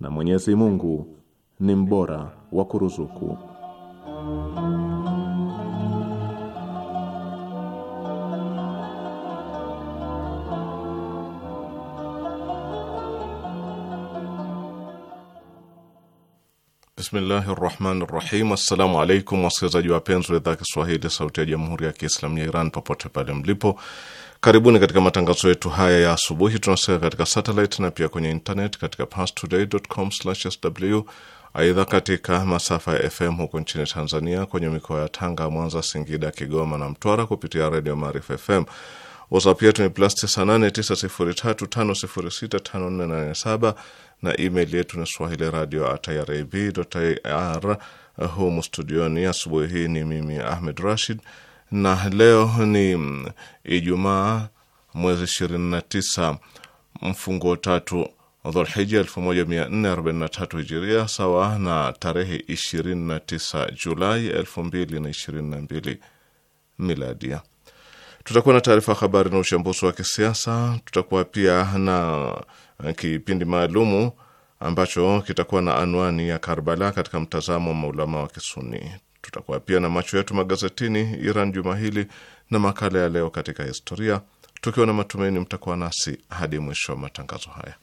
na Mwenyezi Mungu ni mbora wa kuruzuku. Bismillahi rahmani rahim. Assalamu alaikum wasikilizaji wapenzi wa idhaa Kiswahili sauti ya jamhuri ya Kiislamu ya Iran popote pale mlipo Karibuni katika matangazo yetu haya ya asubuhi. Tunasikia katika satellite na pia kwenye internet katika pastoday.com/sw. Aidha, katika masafa ya FM huko nchini Tanzania, kwenye mikoa ya Tanga, Mwanza, Singida, Kigoma na Mtwara kupitia redio Maarifa FM. WhatsApp yetu ni plus 989035065487 na email yetu ni swahili radio at irib.ir. Humu studioni asubuhi hii ni mimi Ahmed Rashid na leo ni mm, Ijumaa mwezi 29 mfungo tatu Dhulhija 1443 hijiria sawa na tarehe 29 Julai 2022 miladia. Tutakuwa na taarifa habari na uchambuzi wa kisiasa. Tutakuwa pia na eh, kipindi maalumu ambacho kitakuwa na anwani ya Karbala katika mtazamo wa maulama wa Kisuni. Tutakuwa pia na macho yetu magazetini Iran juma hili na makala ya leo katika historia, tukiwa na matumaini mtakuwa nasi hadi mwisho wa matangazo haya.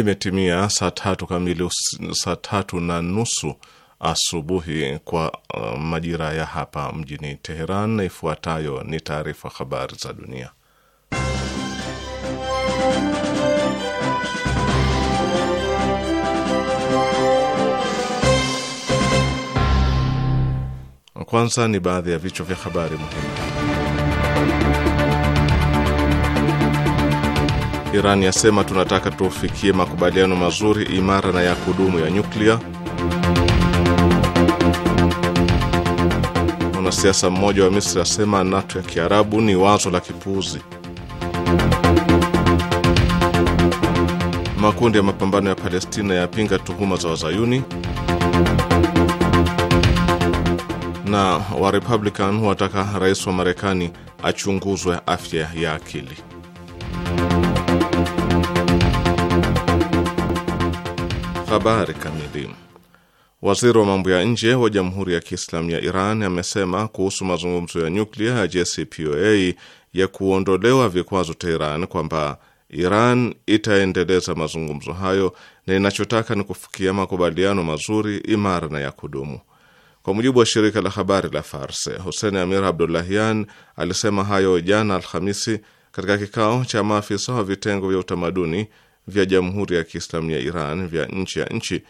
Imetimia saa tatu kamili, saa tatu na nusu asubuhi kwa uh, majira ya hapa mjini Teheran, na ifuatayo ni taarifa habari za dunia. Kwanza ni baadhi ya vichwa vya habari muhimu. Iran yasema tunataka tufikie makubaliano mazuri, imara na ya kudumu ya nyuklia. Mwanasiasa mmoja wa Misri asema NATO ya Kiarabu ni wazo la kipuuzi. Makundi ya mapambano ya Palestina yapinga tuhuma za Wazayuni na wa Republican wataka rais wa Marekani achunguzwe afya ya akili. Habari kamili. Waziri wa mambo ya nje wa Jamhuri ya Kiislamu ya Iran amesema kuhusu mazungumzo ya nyuklia ya JCPOA ya kuondolewa vikwazo Teheran kwamba Iran itaendeleza mazungumzo hayo na inachotaka ni kufikia makubaliano mazuri, imara na ya kudumu. Kwa mujibu wa shirika la habari la Fars, Hussein Amir Abdullahian alisema hayo jana Alhamisi katika kikao cha maafisa wa vitengo vya utamaduni vya Jamhuri ya Kiislamu ya Iran vya nchi ya nchi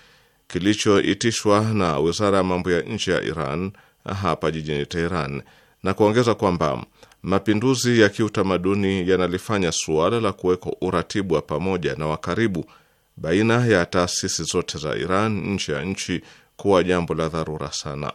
kilichoitishwa na Wizara ya Mambo ya Nchi ya Iran hapa jijini Teheran, na kuongeza kwamba mapinduzi ya kiutamaduni yanalifanya suala la kuwekwa uratibu wa pamoja na wa karibu baina ya taasisi zote za Iran nchi ya nchi kuwa jambo la dharura sana.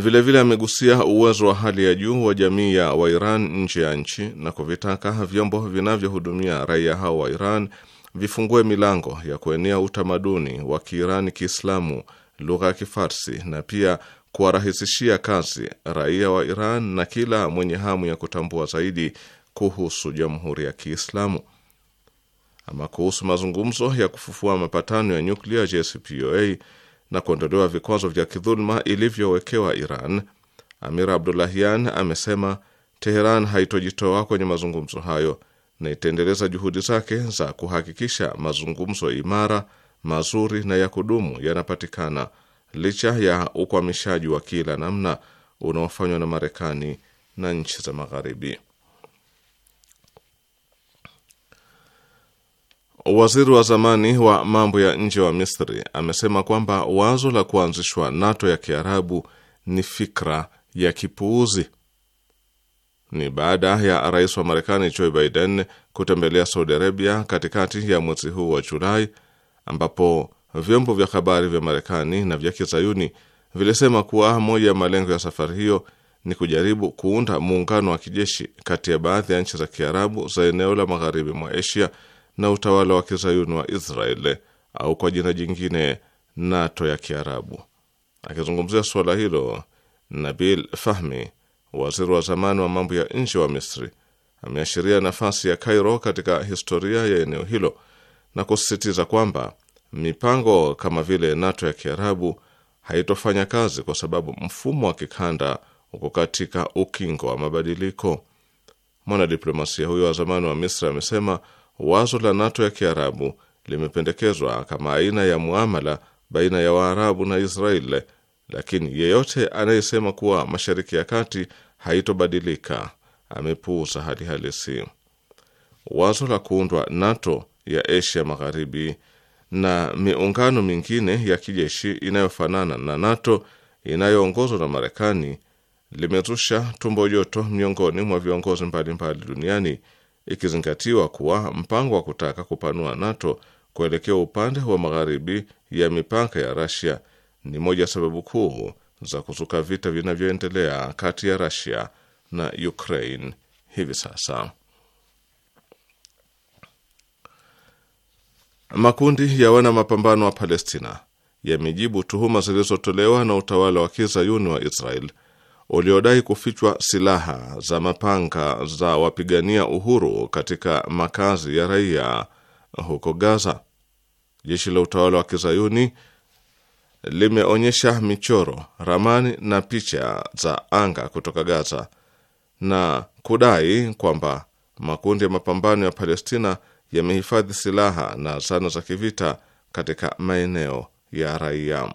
Vilevile amegusia uwezo wa hali ya juu wa jamii ya Wairan nje ya nchi na kuvitaka vyombo vinavyohudumia raia hao wa Iran vifungue milango ya kuenea utamaduni wa Kiirani Kiislamu, lugha ya Kifarsi na pia kuwarahisishia kazi raia wa Iran na kila mwenye hamu ya kutambua zaidi kuhusu Jamhuri ya Kiislamu. Ama kuhusu mazungumzo ya kufufua mapatano ya nyuklia JCPOA na kuondolewa vikwazo vya kidhuluma ilivyowekewa Iran, Amir Abdullahian amesema Teheran haitojitoa kwenye mazungumzo hayo na itaendeleza juhudi zake za kuhakikisha mazungumzo imara, mazuri na ya kudumu yanapatikana licha ya ukwamishaji wa kila namna unaofanywa na Marekani na nchi za Magharibi. Waziri wa zamani wa mambo ya nje wa Misri amesema kwamba wazo la kuanzishwa NATO ya Kiarabu ni fikra ya kipuuzi. Ni baada ya rais wa Marekani Joe Biden kutembelea Saudi Arabia katikati ya mwezi huu wa Julai, ambapo vyombo vya habari vya Marekani na vya Kizayuni vilisema kuwa moja ya malengo ya safari hiyo ni kujaribu kuunda muungano wa kijeshi kati ya baadhi ya nchi za Kiarabu za eneo la magharibi mwa Asia na utawala wa kizayuni wa Israel au kwa jina jingine NATO ya Kiarabu. Akizungumzia suala hilo, Nabil Fahmi, waziri wa zamani wa mambo ya nje wa Misri, ameashiria nafasi ya Cairo katika historia ya eneo hilo na kusisitiza kwamba mipango kama vile NATO ya Kiarabu haitofanya kazi kwa sababu mfumo wa kikanda uko katika ukingo wa mabadiliko. Mwanadiplomasia huyo wa zamani wa Misri amesema wazo la NATO ya Kiarabu limependekezwa kama aina ya muamala baina ya Waarabu na Israel, lakini yeyote anayesema kuwa Mashariki ya Kati haitobadilika amepuuza hali halisi. Wazo la kuundwa NATO ya Asia Magharibi na miungano mingine ya kijeshi inayofanana na NATO inayoongozwa na Marekani limezusha tumbo joto miongoni mwa viongozi mbalimbali duniani ikizingatiwa kuwa mpango wa kutaka kupanua NATO kuelekea upande wa magharibi ya mipaka ya rasia ni moja sababu kuu za kuzuka vita vinavyoendelea kati ya rasia na Ukraine hivi sasa. Makundi ya wana mapambano wa Palestina yamejibu tuhuma zilizotolewa na utawala wa kizayuni wa Israel uliodai kufichwa silaha za mapanga za wapigania uhuru katika makazi ya raia huko Gaza. Jeshi la utawala wa kizayuni limeonyesha michoro, ramani na picha za anga kutoka Gaza na kudai kwamba makundi ya mapambano ya Palestina yamehifadhi silaha na zana za kivita katika maeneo ya raia.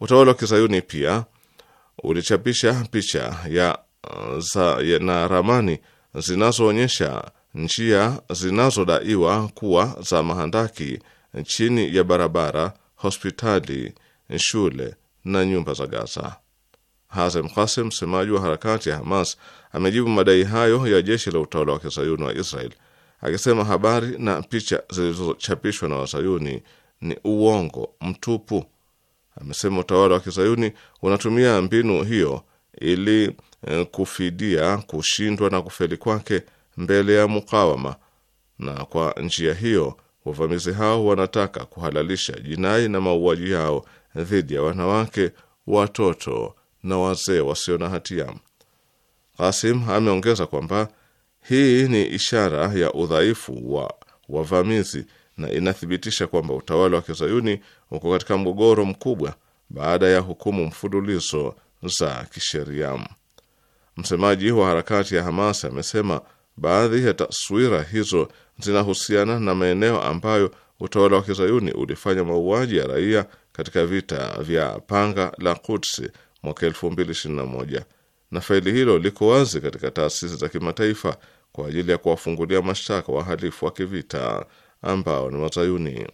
Utawala wa kizayuni pia ulichapisha picha ya, uh, za, ya, na ramani zinazoonyesha njia zinazodaiwa kuwa za mahandaki chini ya barabara, hospitali, shule na nyumba za Gaza. Hazem Kasim, msemaji wa harakati ya Hamas, amejibu madai hayo ya jeshi la utawala wa kizayuni wa Israel akisema habari na picha zilizochapishwa na wasayuni ni uongo mtupu Amesema utawala wa kizayuni unatumia mbinu hiyo ili eh, kufidia kushindwa na kufeli kwake mbele ya mukawama, na kwa njia hiyo wavamizi hao wanataka kuhalalisha jinai na mauaji yao dhidi ya wanawake, watoto na wazee wasio na hatia. Kasim ameongeza kwamba hii ni ishara ya udhaifu wa wavamizi na inathibitisha kwamba utawala wa kizayuni uko katika mgogoro mkubwa baada ya hukumu mfululizo za kisheria. Msemaji wa harakati ya Hamas amesema baadhi ya taswira hizo zinahusiana na maeneo ambayo utawala wa kizayuni ulifanya mauaji ya raia katika vita vya panga la Kutsi mwaka moja na faili hilo liko wazi katika taasisi za kimataifa kwa ajili ya kuwafungulia mashtaka wahalifu wa kivita ambao ni Wazayuni.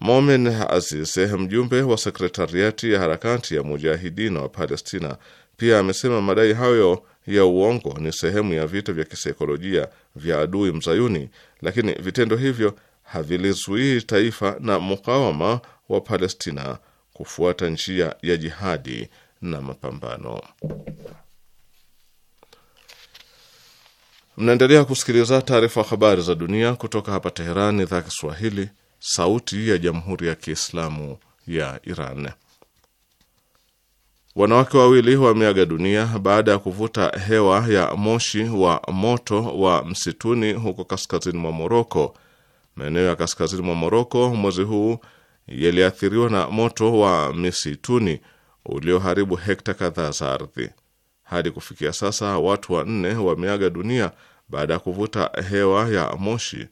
Momen Azise, mjumbe wa sekretariati ya harakati ya mujahidina wa Palestina, pia amesema madai hayo ya uongo ni sehemu ya vita vya kisaikolojia vya adui mzayuni, lakini vitendo hivyo havilizuii taifa na mukawama wa Palestina kufuata njia ya jihadi na mapambano. Mnaendelea kusikiliza taarifa habari za dunia kutoka hapa teheran idhaa Kiswahili, sauti ya jamhuri ya kiislamu ya Iran. Wanawake wawili wameaga dunia baada ya kuvuta hewa ya moshi wa moto wa msituni huko kaskazini mwa Moroko. Maeneo ya kaskazini mwa Moroko mwezi huu yaliathiriwa na moto wa misituni ulioharibu hekta kadhaa za ardhi. Hadi kufikia sasa watu wanne wameaga dunia baada ya kuvuta hewa ya moshi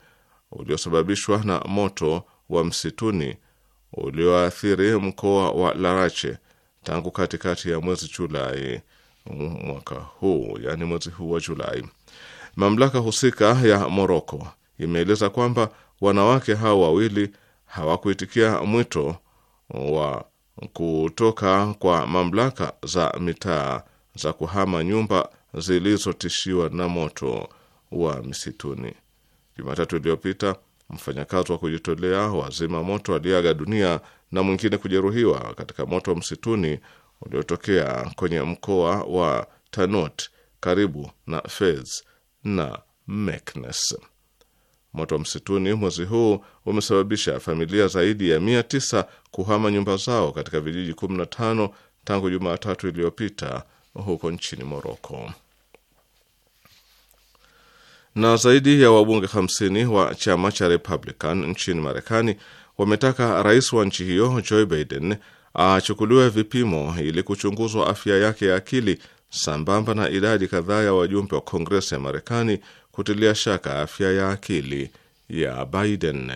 uliosababishwa na moto wa msituni ulioathiri mkoa wa Larache tangu katikati ya mwezi Julai mwaka huu, yani mwezi huu wa Julai. Mamlaka husika ya Moroko imeeleza kwamba wanawake hao wawili hawakuitikia mwito wa kutoka kwa mamlaka za mitaa za kuhama nyumba zilizotishiwa na moto wa misituni. Jumatatu iliyopita mfanyakazi wa kujitolea wazima moto aliaga dunia na mwingine kujeruhiwa katika moto wa msituni uliotokea kwenye mkoa wa Tanot karibu na Fez na Meknes. Moto wa msituni mwezi huu umesababisha familia zaidi ya mia tisa kuhama nyumba zao katika vijiji 15 tangu Jumatatu iliyopita huko nchini Moroko na zaidi ya wabunge 50 wa chama cha Republican nchini Marekani wametaka rais wa nchi hiyo Joe Biden achukuliwe vipimo ili kuchunguzwa afya yake ya akili, sambamba na idadi kadhaa ya wajumbe wa Kongresi ya Marekani kutilia shaka afya ya akili ya Biden.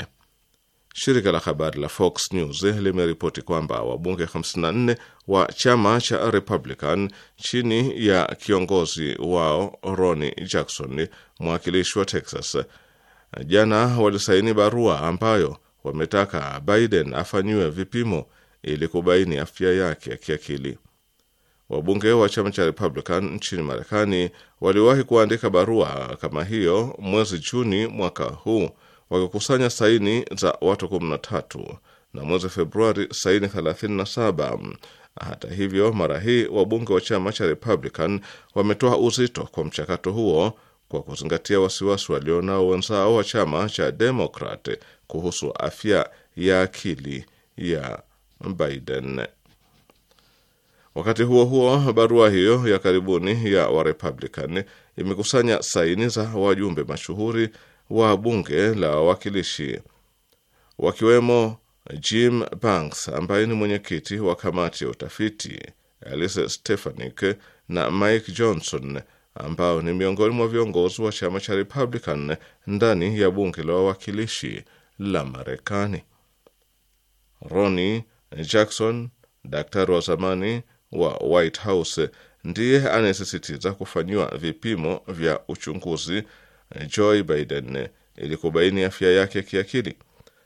Shirika la habari la Fox News limeripoti kwamba wabunge 54 wa chama cha Republican chini ya kiongozi wao Ronnie Jackson, mwakilishi wa Texas, jana walisaini barua ambayo wametaka Biden afanyiwe vipimo ili kubaini afya yake ya kiakili. Wabunge wa chama cha Republican nchini Marekani waliwahi kuandika barua kama hiyo mwezi Juni mwaka huu wakikusanya saini za watu 13 na mwezi Februari saini 37. Hata hivyo, mara hii wabunge wa chama cha Republican wametoa uzito kwa mchakato huo kwa kuzingatia wasiwasi walionao wenzao wa chama cha Demokrat kuhusu afya ya akili ya Biden. Wakati huo huo, barua hiyo ya karibuni ya Warepublican imekusanya saini za wajumbe mashuhuri wa bunge la wawakilishi wakiwemo Jim Banks ambaye ni mwenyekiti wa kamati ya utafiti, Elise Stefanik na Mike Johnson ambao ni miongoni mwa viongozi wa chama cha Republican ndani ya bunge la wawakilishi la Marekani. Ronnie Jackson, daktari wa zamani wa White House, ndiye anayesisitiza kufanyiwa vipimo vya uchunguzi Eh, Joe Biden eh, ili kubaini afya yake kiakili.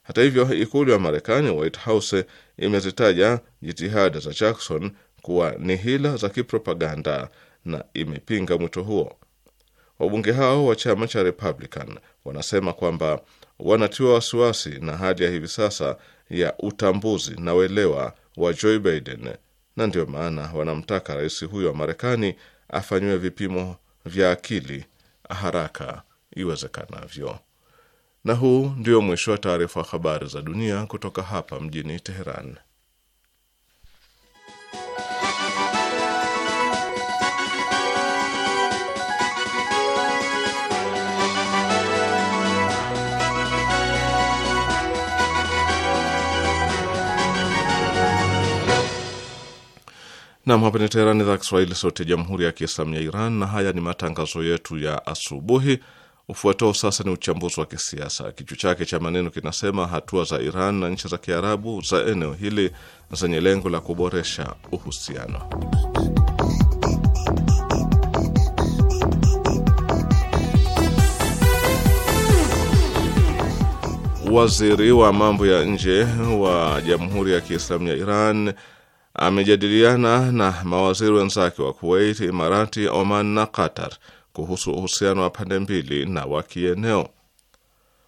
Hata hivyo, ikulu ya Marekani, White House, imezitaja jitihada za Jackson kuwa ni hila za kipropaganda na imepinga mwito huo. Wabunge hao wa chama cha Republican wanasema kwamba wanatiwa wasiwasi na hali ya hivi sasa ya utambuzi na uelewa wa Joe Biden, na ndiyo maana wanamtaka rais huyo wa Marekani afanyiwe vipimo vya akili haraka iwezekanavyo. Na huu ndio mwisho wa taarifa wa habari za dunia kutoka hapa mjini Teheran. Nam, hapa ni Teherani, idhaa ya Kiswahili, sauti ya jamhuri ya kiislamu ya Iran, na haya ni matangazo yetu ya asubuhi. Ufuatao sasa ni uchambuzi wa kisiasa, kichwa chake cha maneno kinasema hatua za Iran na nchi za Kiarabu za eneo hili zenye lengo la kuboresha uhusiano. Waziri wa mambo ya nje wa Jamhuri ya Kiislamu ya Iran amejadiliana na mawaziri wenzake wa Kuwait, Imarati, Oman na Qatar kuhusu uhusiano wa pande mbili na wa kieneo.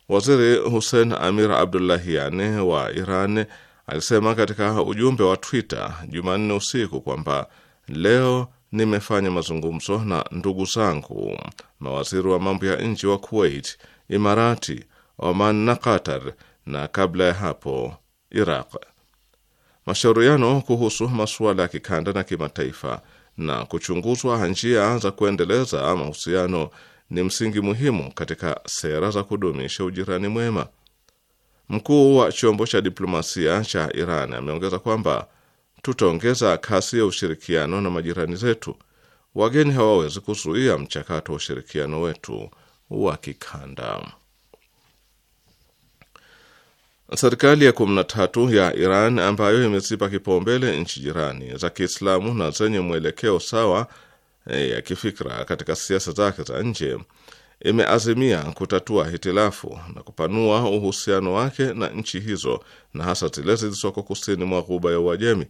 Waziri Hussein Amir Abdullahian wa Iran alisema katika ujumbe wa Twitter Jumanne usiku kwamba leo nimefanya mazungumzo na ndugu zangu mawaziri wa mambo ya nje wa Kuwait, Imarati, Oman na Qatar, na kabla ya hapo Iraq. Mashauriano kuhusu masuala ya kikanda na kimataifa na kuchunguzwa njia za kuendeleza mahusiano ni msingi muhimu katika sera za kudumisha ujirani mwema. Mkuu wa chombo cha diplomasia cha Iran ameongeza kwamba tutaongeza kasi ya ushirikiano na majirani zetu. Wageni hawawezi kuzuia mchakato wa ushirikiano wetu wa kikanda. Serikali ya 13 ya Iran ambayo imezipa kipaumbele nchi jirani za Kiislamu na zenye mwelekeo sawa eh, ya kifikra katika siasa zake za nje imeazimia kutatua hitilafu na kupanua uhusiano wake na nchi hizo na hasa zile zilizoko kusini mwa ghuba ya Uajemi.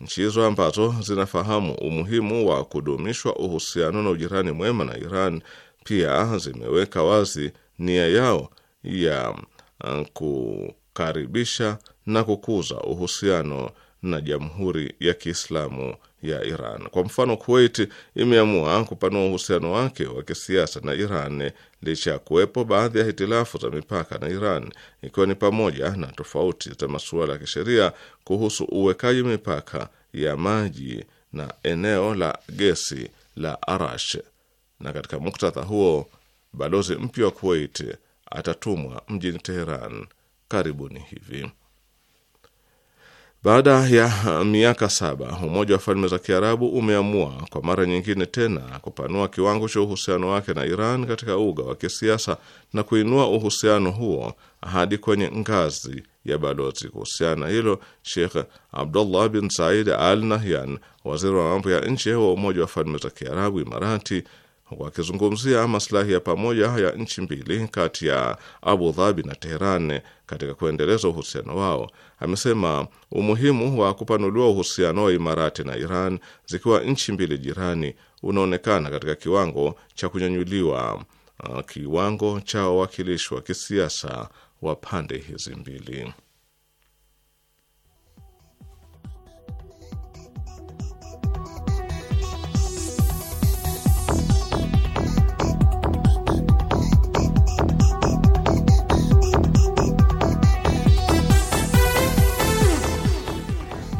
Nchi hizo ambazo zinafahamu umuhimu wa kudumishwa uhusiano na ujirani mwema na Iran pia zimeweka wazi nia yao ya eh, ku kukaribisha na kukuza uhusiano na Jamhuri ya Kiislamu ya Iran. Kwa mfano, Kuwait imeamua kupanua uhusiano wake wa kisiasa na Iran licha ya kuwepo baadhi ya hitilafu za mipaka na Iran, ikiwa ni pamoja na tofauti za masuala ya kisheria kuhusu uwekaji mipaka ya maji na eneo la gesi la Arash. Na katika muktadha huo, balozi mpya wa Kuwait atatumwa mjini Teheran karibuni hivi. Baada ya miaka saba, Umoja wa Falme za Kiarabu umeamua kwa mara nyingine tena kupanua kiwango cha uhusiano wake na Iran katika uga wa kisiasa na kuinua uhusiano huo hadi kwenye ngazi ya balozi. Kuhusiana na hilo, Sheikh Abdullah bin Said Al Nahyan, waziri wa mambo ya nje wa Umoja wa Falme za Kiarabu Imarati, wakizungumzia maslahi ya pamoja ya nchi mbili kati ya Abu Dhabi na Teheran katika kuendeleza uhusiano wao, amesema umuhimu wa kupanuliwa uhusiano wa Imarati na Iran zikiwa nchi mbili jirani unaonekana katika kiwango cha kunyanyuliwa uh, kiwango cha wawakilishi wa kisiasa wa pande hizi mbili.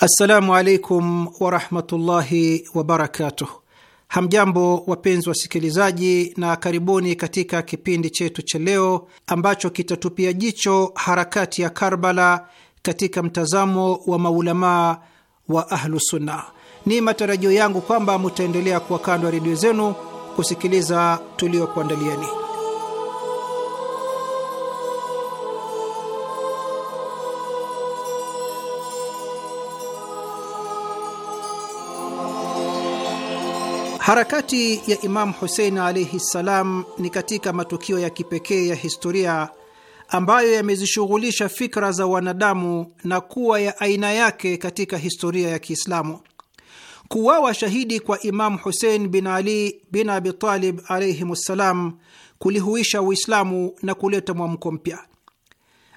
Assalamu alaikum warahmatullahi wabarakatuh. Hamjambo wapenzi wasikilizaji, na karibuni katika kipindi chetu cha leo ambacho kitatupia jicho harakati ya Karbala katika mtazamo wa maulamaa wa Ahlusunna. Ni matarajio yangu kwamba mutaendelea kuwa kando ya redio zenu kusikiliza tuliokuandalieni. Harakati ya Imamu Husein alaihi ssalam ni katika matukio ya kipekee ya historia ambayo yamezishughulisha fikra za wanadamu na kuwa ya aina yake katika historia ya Kiislamu. Kuwawa shahidi kwa Imamu Husein bin Ali bin Abitalib alaihim ssalam kulihuisha Uislamu na kuleta mwamko mpya.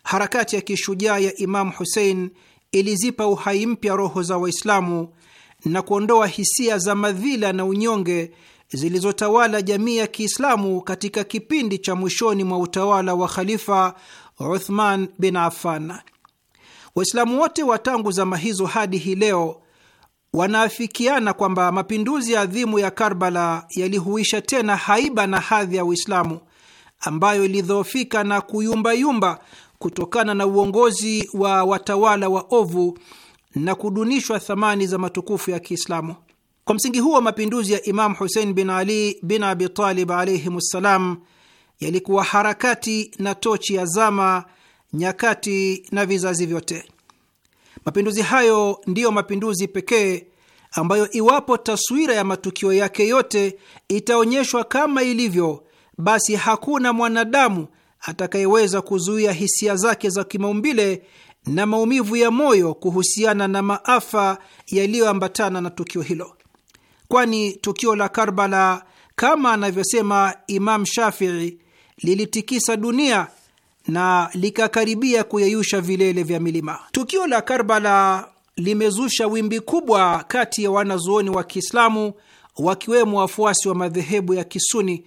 Harakati ya kishujaa ya Imamu Husein ilizipa uhai mpya roho za Waislamu na kuondoa hisia za madhila na unyonge zilizotawala jamii ya Kiislamu katika kipindi cha mwishoni mwa utawala wa Khalifa Uthman bin Affan. Waislamu wote wa tangu zama hizo hadi hii leo wanaafikiana kwamba mapinduzi adhimu ya Karbala yalihuisha tena haiba na hadhi ya Uislamu ambayo ilidhoofika na kuyumbayumba kutokana na uongozi wa watawala wa ovu na kudunishwa thamani za matukufu ya Kiislamu. Kwa msingi huo, mapinduzi ya Imamu Husein bin Ali bin Abi Talib alaihim ssalam yalikuwa harakati na tochi ya zama, nyakati na vizazi vyote. Mapinduzi hayo ndiyo mapinduzi pekee ambayo iwapo taswira ya matukio yake yote itaonyeshwa kama ilivyo, basi hakuna mwanadamu atakayeweza kuzuia hisia zake za kimaumbile na maumivu ya moyo kuhusiana na maafa yaliyoambatana na tukio hilo, kwani tukio la Karbala kama anavyosema Imam Shafii lilitikisa dunia na likakaribia kuyeyusha vilele vya milima. Tukio la Karbala limezusha wimbi kubwa kati ya wanazuoni wa Kiislamu wakiwemo wafuasi wa madhehebu ya Kisuni,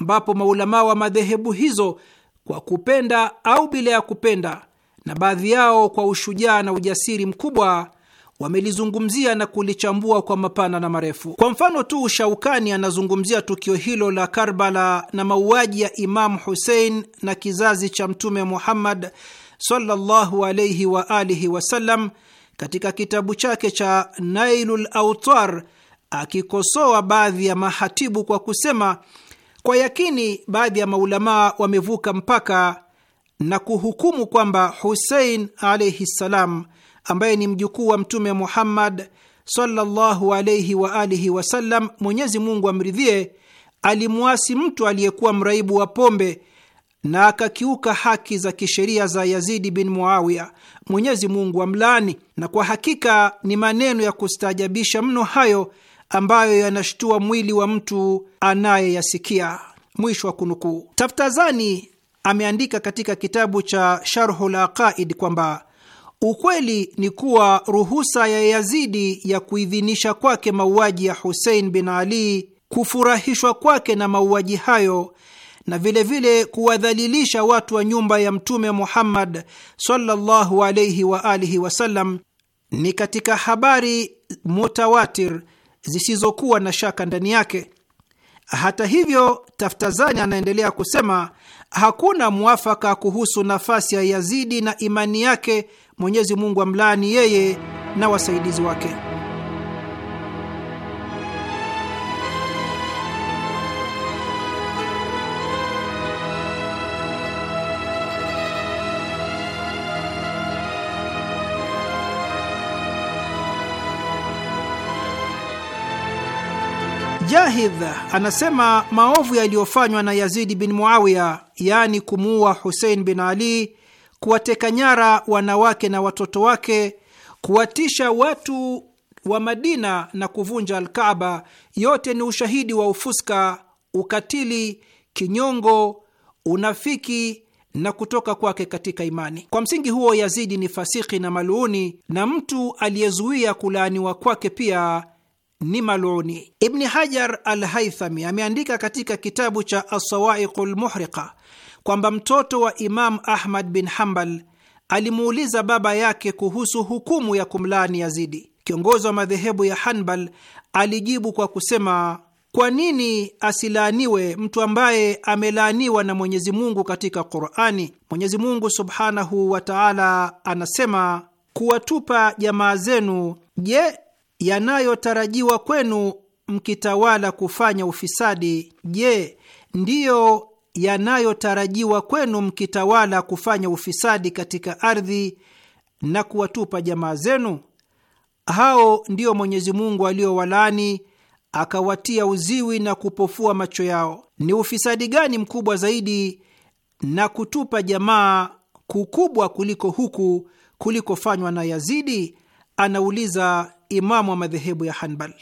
ambapo maulamaa wa madhehebu hizo kwa kupenda au bila ya kupenda na baadhi yao kwa ushujaa na ujasiri mkubwa wamelizungumzia na kulichambua kwa mapana na marefu. Kwa mfano tu, Shaukani anazungumzia tukio hilo la Karbala na mauaji ya Imamu Husein na kizazi cha Mtume Muhammad sallallahu alaihi wa alihi wasallam katika kitabu chake cha Nailul Autar, akikosoa baadhi ya mahatibu kwa kusema, kwa yakini baadhi ya maulamaa wamevuka mpaka na kuhukumu kwamba Husein alaihi ssalam, ambaye ni mjukuu wa Mtume Muhammad sallallahu alaihi wa alihi wasallam, Mwenyezi Mungu amridhie, alimwasi mtu aliyekuwa mraibu wa pombe na akakiuka haki za kisheria za Yazidi bin Muawiya, Mwenyezi Mungu amlaani. Na kwa hakika ni maneno ya kustaajabisha mno hayo ambayo yanashtua mwili wa mtu anayeyasikia. Mwisho wa kunukuu. Taftazani ameandika katika kitabu cha Sharhul Aqaid kwamba ukweli ni kuwa ruhusa ya Yazidi ya kuidhinisha kwake mauaji ya Husein bin Ali, kufurahishwa kwake na mauaji hayo na vilevile kuwadhalilisha watu wa nyumba ya Mtume Muhammad sallallahu alaihi wa alihi wasallam ni katika habari mutawatir zisizokuwa na shaka ndani yake. Hata hivyo, Taftazani anaendelea kusema Hakuna mwafaka kuhusu nafasi ya Yazidi na imani yake. Mwenyezi Mungu amlaani yeye na wasaidizi wake. Mujahidh anasema maovu yaliyofanywa na Yazidi bin Muawiya, yaani kumuua Husein bin Ali, kuwateka nyara wanawake na watoto wake, kuwatisha watu wa Madina na kuvunja Alkaba, yote ni ushahidi wa ufuska, ukatili, kinyongo, unafiki na kutoka kwake katika imani. Kwa msingi huo, Yazidi ni fasiki na maluuni, na mtu aliyezuia kulaaniwa kwake pia ni maluni. Ibni Hajar al Haithami ameandika katika kitabu cha Assawaiqu lmuhriqa kwamba mtoto wa Imam Ahmad bin Hambal alimuuliza baba yake kuhusu hukumu ya kumlaani Yazidi. Kiongozi wa madhehebu ya Hanbal alijibu kwa kusema, kwa nini asilaaniwe mtu ambaye amelaaniwa na Mwenyezi Mungu katika Qurani? Mwenyezi Mungu subhanahu wa taala anasema, kuwatupa jamaa zenu, je, yanayotarajiwa kwenu mkitawala kufanya ufisadi? Je, ndiyo yanayotarajiwa kwenu mkitawala kufanya ufisadi katika ardhi na kuwatupa jamaa zenu? Hao ndio Mwenyezi Mungu aliowalaani akawatia uziwi na kupofua macho yao. Ni ufisadi gani mkubwa zaidi na kutupa jamaa kukubwa kuliko huku kulikofanywa na Yazidi? Anauliza imamu wa madhehebu ya Hanbal.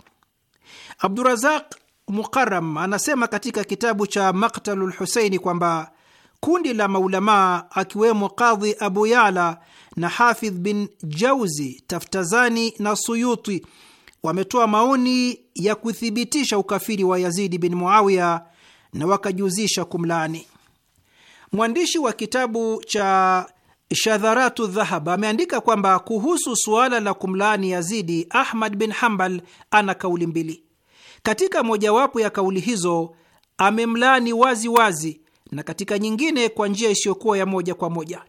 Abdurazaq Muqaram anasema katika kitabu cha Maktalu lhuseini kwamba kundi la maulamaa akiwemo Qadhi Abu Yala na Hafidh bin Jauzi, Taftazani na Suyuti wametoa maoni ya kuthibitisha ukafiri wa Yazidi bin Muawiya na wakajiuzisha kumlaani. Mwandishi wa kitabu cha Shadharatu Dhahab ameandika kwamba kuhusu suala la kumlaani Yazidi, Ahmad bin Hambal ana kauli mbili. Katika mojawapo ya kauli hizo amemlaani wazi wazi, na katika nyingine kwa njia isiyokuwa ya moja kwa moja.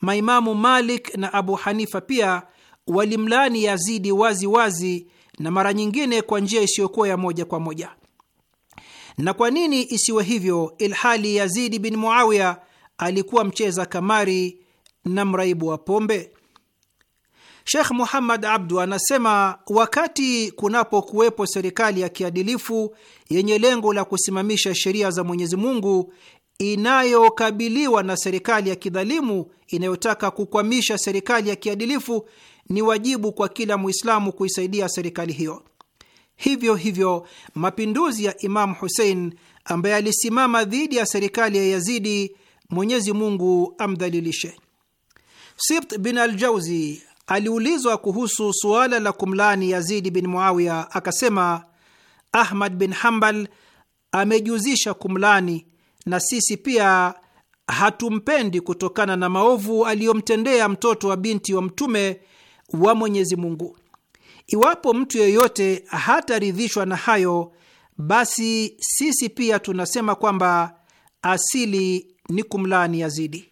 Maimamu Malik na Abu Hanifa pia walimlaani Yazidi wazi wazi na mara nyingine kwa njia isiyokuwa ya moja kwa moja. Na kwa nini isiwe hivyo, ilhali Yazidi bin Muawiya alikuwa mcheza kamari na mraibu wa pombe? Sheikh Muhammad Abdu anasema wakati kunapokuwepo serikali ya kiadilifu yenye lengo la kusimamisha sheria za Mwenyezi Mungu inayokabiliwa na serikali ya kidhalimu inayotaka kukwamisha serikali ya kiadilifu, ni wajibu kwa kila Muislamu kuisaidia serikali hiyo. Hivyo hivyo mapinduzi ya Imamu Husein ambaye alisimama dhidi ya serikali ya Yazidi, Mwenyezi Mungu amdhalilishe. Sibt bin jauzi aliulizwa kuhusu suala la kumlani Yazidi bin Muawiya, akasema Ahmad bin Hambal amejuzisha kumlani, na sisi pia hatumpendi kutokana na maovu aliyomtendea mtoto wa binti wa Mtume wa Mwenyezi Mungu. Iwapo mtu yeyote hataridhishwa na hayo, basi sisi pia tunasema kwamba asili ni kumlani Yazidi.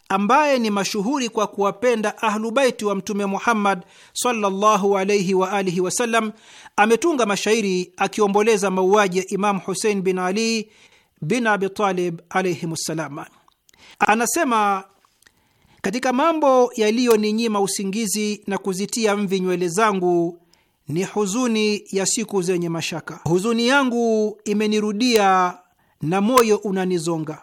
ambaye ni mashuhuri kwa kuwapenda Ahlubaiti wa Mtume Muhammad sallallahu alaihi wa alihi wasallam, ametunga mashairi akiomboleza mauaji ya Imamu Husein bin Ali bin Abitalib alaihim ssalam. Anasema, katika mambo yaliyoninyima usingizi na kuzitia mvi nywele zangu ni huzuni ya siku zenye mashaka. Huzuni yangu imenirudia na moyo unanizonga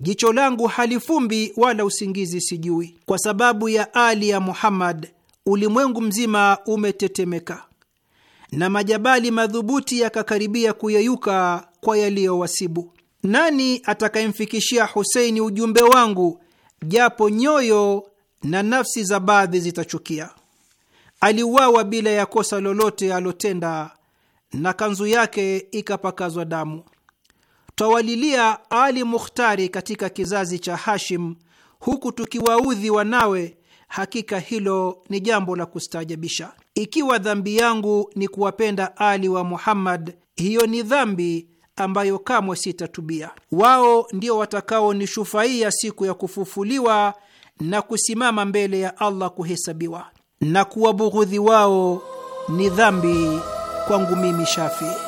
jicho langu halifumbi wala usingizi sijui. Kwa sababu ya Ali ya Muhammad ulimwengu mzima umetetemeka na majabali madhubuti yakakaribia kuyeyuka kwa yaliyowasibu. Nani atakayemfikishia Huseini ujumbe wangu, japo nyoyo na nafsi za baadhi zitachukia? Aliuawa bila ya kosa lolote alotenda, na kanzu yake ikapakazwa damu twawalilia Ali Mukhtari katika kizazi cha Hashim, huku tukiwaudhi wanawe. Hakika hilo ni jambo la kustaajabisha. Ikiwa dhambi yangu ni kuwapenda Ali wa Muhammad, hiyo ni dhambi ambayo kamwe sitatubia. Wao ndio watakaonishufaia siku ya kufufuliwa na kusimama mbele ya Allah kuhesabiwa, na kuwabughudhi wao ni dhambi kwangu mimi Shafii.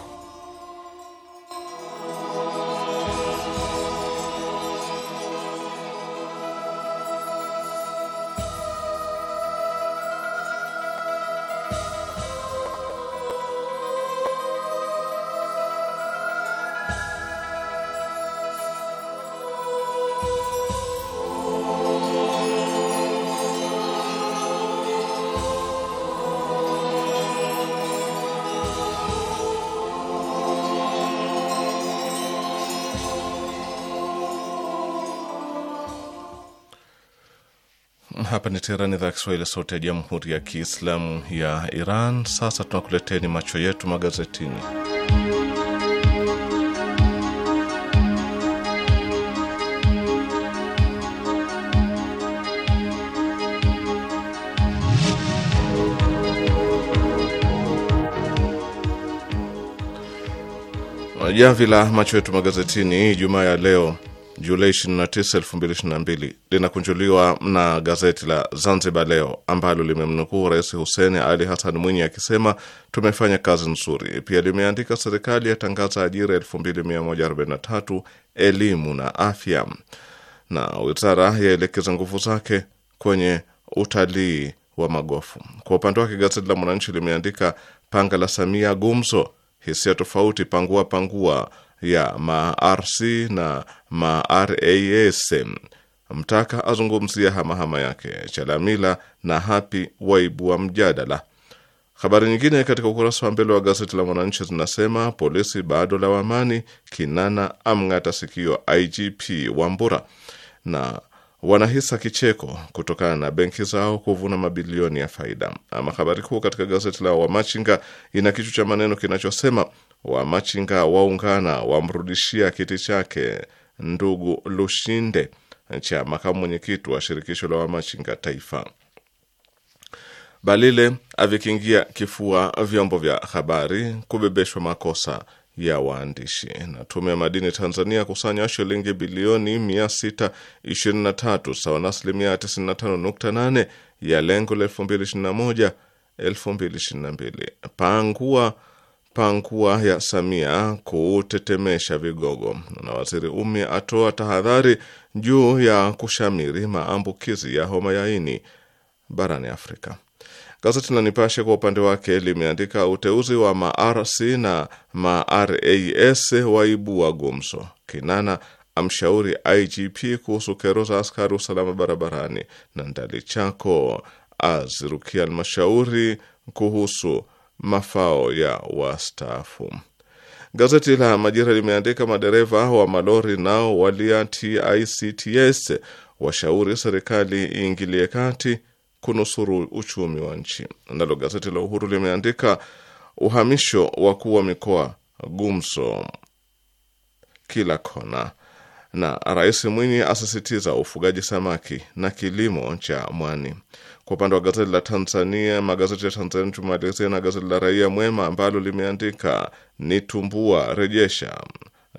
Teherani, idhaa ya Kiswahili, sauti ya jamhuri ya kiislamu ya Iran. Sasa tunakuleteni macho yetu magazetini. Jamvi la macho yetu magazetini Ijumaa ya leo Julai 29, 2022 linakunjuliwa na gazeti la Zanzibar Leo ambalo limemnukuu Rais husen Ali Hassan Mwinyi akisema tumefanya kazi nzuri. Pia limeandika serikali yatangaza ajira 2143 elimu na afya, na wizara yaelekeza nguvu zake kwenye utalii wa magofu. Kwa upande wake gazeti la Mwananchi limeandika panga la Samia gumzo, hisia tofauti, pangua pangua ya MaRC na MaRAS mtaka azungumzia hamahama yake Chalamila na Hapi waibua mjadala. Habari nyingine katika ukurasa wa mbele wa gazeti la Mwananchi zinasema polisi bado la wamani Kinana amng'ata sikio IGP Wambura na wanahisa kicheko kutokana na benki zao kuvuna mabilioni ya faida. Ama habari kuu katika gazeti la Wamachinga ina kichwa cha maneno kinachosema wa machinga waungana wamrudishia kiti chake ndugu Lushinde cha makamu mwenyekiti wa shirikisho la wamachinga taifa. Balile avikingia kifua vyombo vya habari kubebeshwa makosa ya waandishi. Na Tume ya Madini Tanzania kusanya shilingi bilioni 623 sawa na asilimia 95.8 ya lengo la 2021 2022. Pangua pangua ya Samia kutetemesha vigogo, na waziri Umi atoa tahadhari juu ya kushamiri maambukizi ya homa ya ini barani Afrika. Gazeti la Nipashe kwa upande wake limeandika uteuzi wa marc na maras waibua gumzo. Kinana amshauri IGP kuhusu kero za askari usalama barabarani, na Ndalichako azirukia halmashauri kuhusu mafao ya wastaafu. Gazeti la Majira limeandika madereva wa malori nao walia TICTS, washauri serikali iingilie kati kunusuru uchumi wa nchi. Nalo gazeti la Uhuru limeandika uhamisho wakuu wa mikoa gumzo kila kona, na Rais Mwinyi asisitiza ufugaji samaki na kilimo cha mwani. Kwa upande wa gazeti la Tanzania, magazeti ya Tanzania tumalizia na gazeti la Raia Mwema ambalo limeandika ni tumbua rejesha,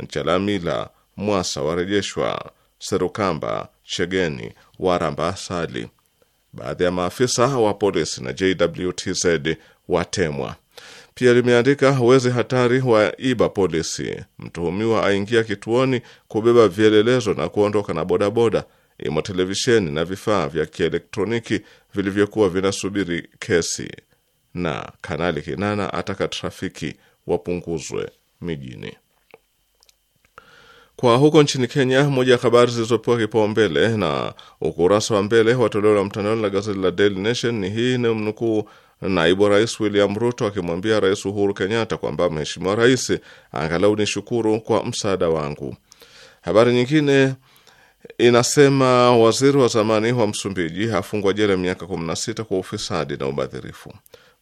nchalamila Mwasa warejeshwa, Serukamba Chegeni waramba asali, baadhi ya maafisa wa polisi na JWTZ watemwa. Pia limeandika wezi hatari wa iba polisi, mtuhumiwa aingia kituoni kubeba vielelezo na kuondoka na bodaboda imo televisheni na vifaa vya kielektroniki vilivyokuwa vinasubiri kesi, na Kanali Kinana ataka trafiki wapunguzwe mijini. Kwa huko nchini Kenya, moja ya habari zilizopewa kipaumbele na ukurasa wa mbele wa toleo la mtandaoni la gazeti la Daily Nation ni hii mnukuu naibu rais William Ruto akimwambia Rais Uhuru Kenyatta kwamba Mheshimiwa Rais, angalau ni shukuru kwa msaada wangu. Habari nyingine inasema waziri wa zamani wa Msumbiji hafungwa jela miaka 16 kwa ufisadi na ubadhirifu.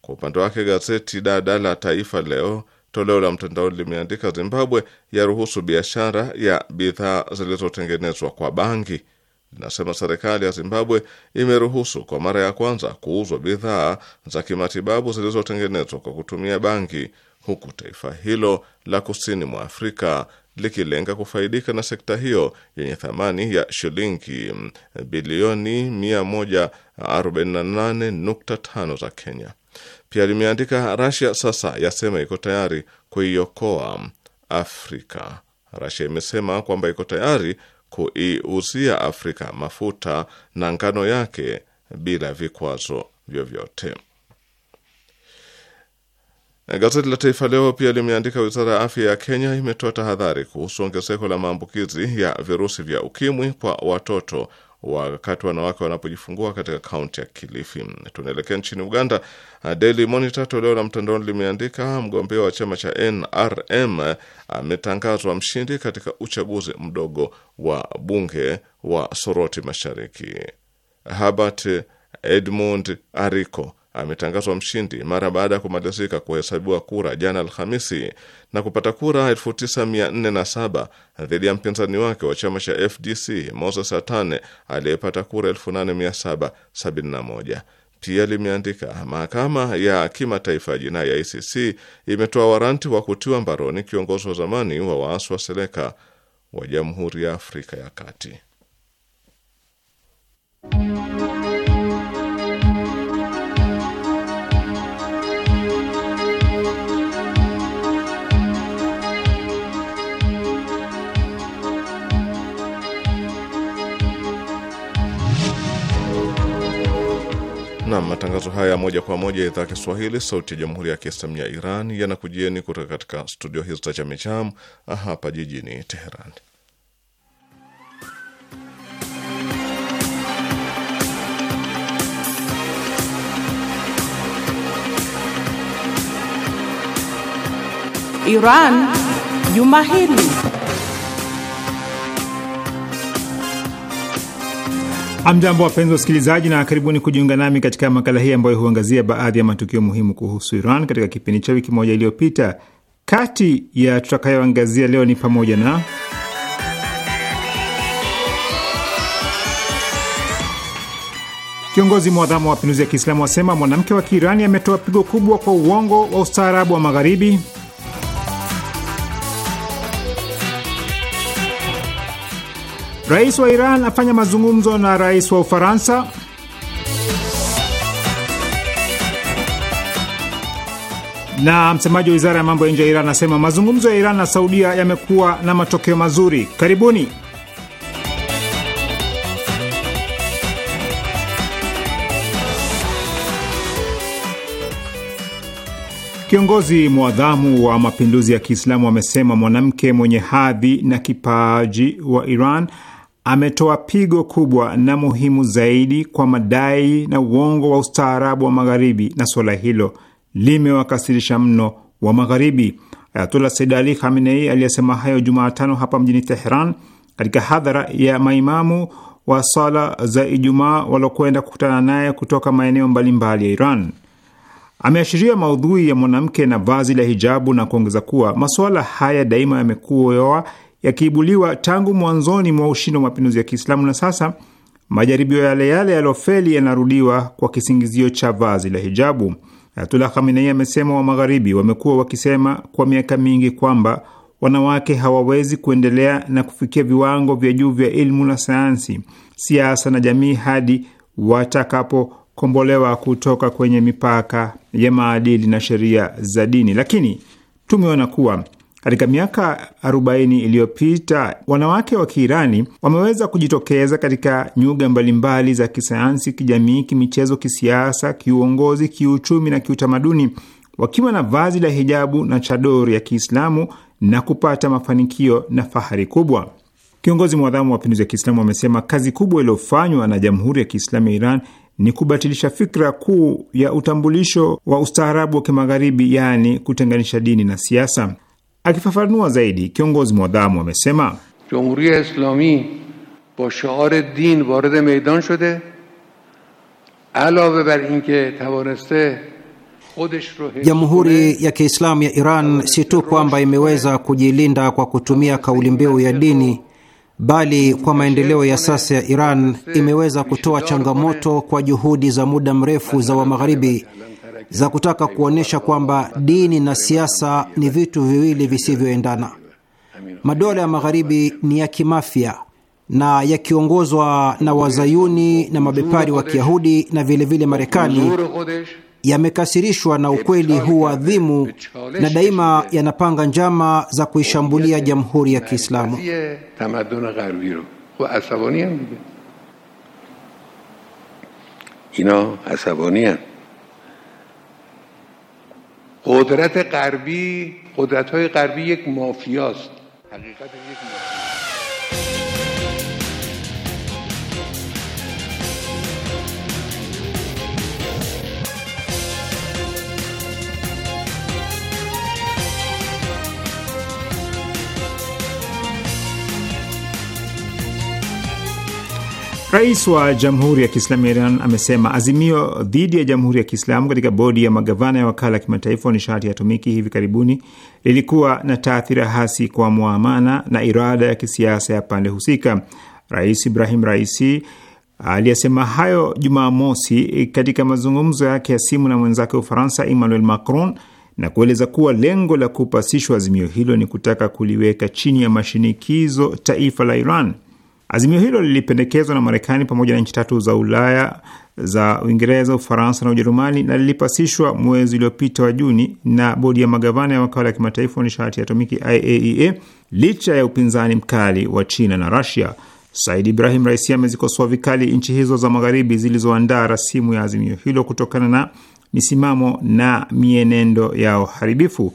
Kwa upande wake gazeti dada la Taifa Leo toleo la mtandaoni limeandika Zimbabwe yaruhusu biashara ya bidhaa zilizotengenezwa kwa bangi. Linasema serikali ya Zimbabwe imeruhusu kwa mara ya kwanza kuuzwa bidhaa za kimatibabu zilizotengenezwa kwa kutumia bangi, huku taifa hilo la kusini mwa Afrika likilenga kufaidika na sekta hiyo yenye thamani ya shilingi bilioni 148.5 za Kenya. Pia limeandika Rasia sasa yasema iko tayari kuiokoa Afrika. Rasia imesema kwamba iko tayari kuiuzia Afrika mafuta na ngano yake bila vikwazo vyovyote. Eh, gazeti la Taifa Leo pia limeandika wizara ya afya ya Kenya imetoa tahadhari kuhusu ongezeko la maambukizi ya virusi vya ukimwi kwa watoto wakati wanawake wanapojifungua katika kaunti ya Kilifi. Tunaelekea nchini Uganda. Eh, Daily Monitor toleo la mtandaoni limeandika mgombea wa chama cha NRM ametangazwa mshindi katika uchaguzi mdogo wa bunge wa Soroti Mashariki. Herbert Edmund Ariko ametangazwa mshindi mara baada ya kumalizika kuhesabiwa kura jana Alhamisi na kupata kura 9407 dhidi ya mpinzani wake wa chama cha FDC Moses Atane aliyepata kura 8771. Pia limeandika mahakama ya kimataifa ya jinai ya ICC imetoa waranti wa kutiwa mbaroni kiongozi wa zamani wa waasi wa Seleka wa Jamhuri ya Afrika ya Kati. Nam, matangazo haya moja kwa moja idhaa ya Kiswahili sauti ya jamhuri ya kiislamu ya Iran yanakujieni kutoka katika studio hizi za chamecham ah, hapa jijini Teheran. Iran Juma Hili. Hamjambo, wapenzi wasikilizaji, na karibuni kujiunga nami katika makala hii ambayo huangazia baadhi ya matukio muhimu kuhusu Iran katika kipindi cha wiki moja iliyopita. Kati ya tutakayoangazia leo ni pamoja na Kiongozi mwadhamu wa mapinduzi ya Kiislamu wasema mwanamke wa Kiirani ametoa pigo kubwa kwa uongo wa ustaarabu wa Magharibi. Rais wa Iran afanya mazungumzo na rais wa Ufaransa. Na msemaji wa wizara ya mambo ya nje ya Iran anasema mazungumzo ya Iran na Saudia yamekuwa na matokeo mazuri. Karibuni. Kiongozi mwadhamu wa mapinduzi ya Kiislamu amesema mwanamke mwenye hadhi na kipaji wa Iran ametoa pigo kubwa na muhimu zaidi kwa madai na uongo wa ustaarabu wa Magharibi, na suala hilo limewakasirisha mno wa Magharibi. Ayatullah Said Ali Khamenei aliyesema hayo jumaatano hapa mjini Teheran katika hadhara ya maimamu wa sala za Ijumaa waliokwenda kukutana naye kutoka maeneo mbalimbali ya Iran. Ameashiria maudhui ya mwanamke na vazi la hijabu na kuongeza kuwa masuala haya daima yamekuwa yakiibuliwa tangu mwanzoni mwa ushindi wa mapinduzi ya Kiislamu, na sasa majaribio yale yale yalofeli yanarudiwa kwa kisingizio cha vazi la hijabu. Ayatullah Khamenei amesema wa Magharibi wamekuwa wakisema kwa miaka mingi kwamba wanawake hawawezi kuendelea na kufikia viwango vya juu vya elimu na sayansi, siasa na jamii hadi watakapokombolewa kutoka kwenye mipaka ya maadili na sheria za dini, lakini tumeona kuwa katika miaka 40 iliyopita wanawake wa Kiirani wameweza kujitokeza katika nyuga mbalimbali za kisayansi, kijamii, kimichezo, kisiasa, kiuongozi, kiuchumi na kiutamaduni wakiwa na vazi la hijabu na chadori ya Kiislamu na kupata mafanikio na fahari kubwa. Kiongozi mwadhamu wa mapinduzi ya Kiislamu amesema kazi kubwa iliyofanywa na Jamhuri ya Kiislamu ya Iran ni kubatilisha fikra kuu ya utambulisho wa ustaarabu wa Kimagharibi, yaani kutenganisha dini na siasa. Akifafanua zaidi, kiongozi mwadhamu amesema Jamhuri Islami ba shaar din varede meidan shode alave bar inke tavaneste Jamhuri ya Kiislamu ya Iran si tu kwamba imeweza kujilinda kwa kutumia kauli mbiu ya dini, bali kwa maendeleo ya sasa ya Iran imeweza kutoa changamoto kwa juhudi za muda mrefu za Wamagharibi za kutaka kuonyesha kwamba dini na siasa ni vitu viwili visivyoendana. Madola ya magharibi ni ya kimafia na yakiongozwa na wazayuni na mabepari wa Kiyahudi na vilevile Marekani yamekasirishwa na ukweli huu adhimu na daima yanapanga njama za kuishambulia jamhuri ya Kiislamu. قدرت غربی قدرت های غربی یک مافیاست حقیقت یک مافیا Rais wa Jamhuri ya Kiislamu ya Iran amesema azimio dhidi ya Jamhuri ya Kiislamu katika bodi ya magavana ya wakala ya kimataifa wa nishati ya atomiki hivi karibuni lilikuwa na taathira hasi kwa mwamana na irada ya kisiasa ya pande husika. Rais Ibrahim Raisi aliyesema hayo Jumamosi katika mazungumzo yake ya simu na mwenzake wa Ufaransa Emmanuel Macron na kueleza kuwa lengo la kupasishwa azimio hilo ni kutaka kuliweka chini ya mashinikizo taifa la Iran. Azimio hilo lilipendekezwa na Marekani pamoja na nchi tatu za Ulaya za Uingereza, Ufaransa na Ujerumani, na lilipasishwa mwezi uliopita wa Juni na bodi ya magavana ya wakala ya kimataifa wa nishati ya atomiki IAEA e licha ya upinzani mkali wa China na Rusia. Said Ibrahim Raisi amezikosoa vikali nchi hizo za magharibi zilizoandaa rasimu ya azimio hilo kutokana na misimamo na mienendo yao haribifu.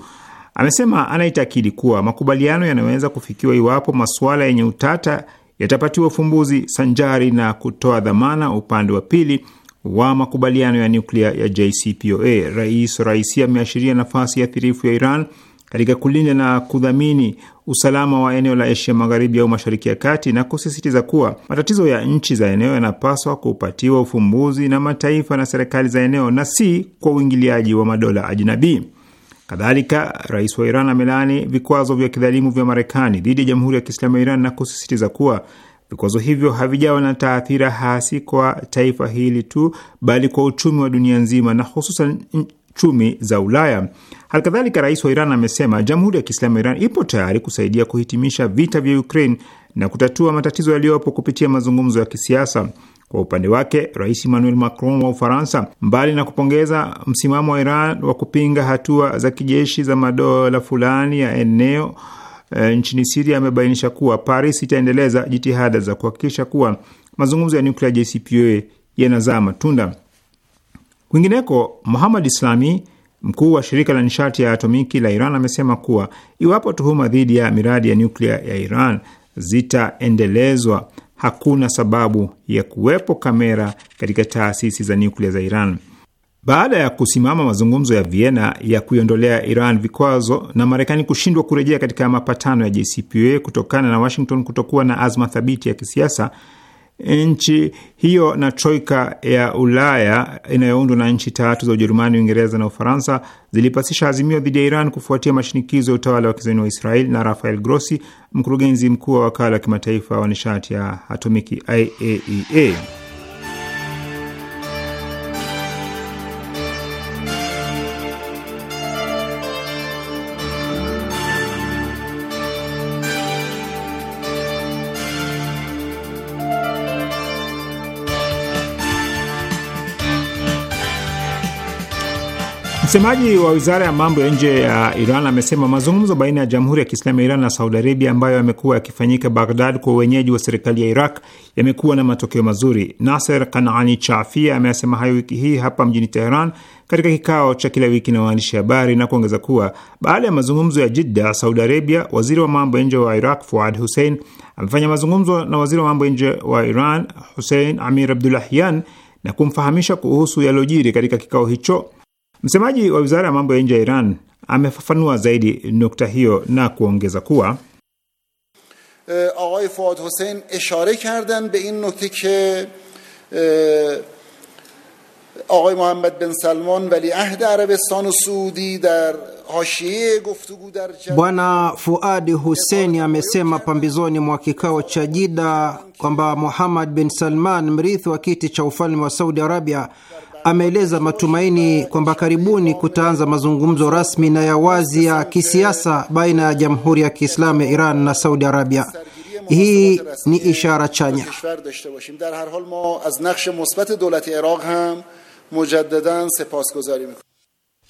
Amesema anaitakidi kuwa makubaliano yanaweza kufikiwa iwapo masuala yenye utata yatapatiwa ufumbuzi sanjari na kutoa dhamana upande wa pili wa makubaliano ya nyuklia ya JCPOA. Rais Raisi ameashiria nafasi athirifu ya Iran katika kulinda na kudhamini usalama wa eneo la Asia Magharibi au Mashariki ya Kati na kusisitiza kuwa matatizo ya nchi za eneo yanapaswa kupatiwa ufumbuzi na mataifa na serikali za eneo na si kwa uingiliaji wa madola ajinabii. Kadhalika, rais wa Iran amelaani vikwazo vya kidhalimu vya Marekani dhidi ya Jamhuri ya Kiislamu ya Iran na kusisitiza kuwa vikwazo hivyo havijawa na taathira hasi kwa taifa hili tu, bali kwa uchumi wa dunia nzima na hususan chumi za Ulaya. Halikadhalika, rais wa Iran amesema Jamhuri ya Kiislamu ya Iran ipo tayari kusaidia kuhitimisha vita vya Ukraine na kutatua matatizo yaliyopo kupitia mazungumzo ya kisiasa. Kwa upande wake Rais Emmanuel Macron wa Ufaransa, mbali na kupongeza msimamo wa Iran wa kupinga hatua za kijeshi za madola fulani ya eneo e, nchini Siria, amebainisha kuwa Paris itaendeleza jitihada za kuhakikisha kuwa mazungumzo ya nuklia JCPOA yanazaa matunda. Kwingineko, Muhamad Islami, mkuu wa shirika la nishati ya atomiki la Iran, amesema kuwa iwapo tuhuma dhidi ya miradi ya nyuklia ya Iran zitaendelezwa hakuna sababu ya kuwepo kamera katika taasisi za nyuklia za Iran. Baada ya kusimama mazungumzo ya Vienna ya kuiondolea Iran vikwazo na Marekani kushindwa kurejea katika mapatano ya JCPOA kutokana na Washington kutokuwa na azma thabiti ya kisiasa, nchi hiyo na troika ya Ulaya inayoundwa na nchi tatu za Ujerumani, Uingereza na Ufaransa zilipasisha azimio dhidi ya Iran kufuatia mashinikizo ya utawala wa kizayuni wa Israeli na Rafael Grossi, mkurugenzi mkuu wa wakala wa kimataifa wa nishati ya atomiki IAEA. E Msemaji wa wizara ya mambo ya nje ya Iran amesema mazungumzo baina ya Jamhuri ya Kiislamu ya Iran na Saudi Arabia ambayo yamekuwa yakifanyika Baghdad kwa wenyeji wa serikali ya Iraq yamekuwa na matokeo mazuri. Naser Kanaani Chafia ameyasema hayo wiki hii hapa mjini Teheran katika kikao cha kila wiki na waandishi habari na kuongeza kuwa baada ya mazungumzo ya Jidda, Saudi Arabia, waziri wa mambo ya nje wa Iraq Fuad Hussein amefanya mazungumzo na waziri wa mambo ya nje wa Iran Hussein Amir Abdulahyan na kumfahamisha kuhusu yaliyojiri katika kikao hicho Msemaji wa wizara ya mambo ya nje ya Iran amefafanua zaidi nukta hiyo na kuongeza kuwa aghay Fuad Hussein ishare kardan be in nukte ke Muhammad bin Salman Arabistan Saudi dar Bwana Fuadi Hussein amesema pambizoni mwa kikao cha Jida kwamba Muhammad bin Salman, mrithi wa kiti cha ufalme wa Saudi Arabia, ameeleza matumaini kwamba karibuni kutaanza mazungumzo rasmi na ya wazi ya kisiasa baina ya Jamhuri ya Kiislamu ya Iran na Saudi Arabia. Hii ni ishara chanya.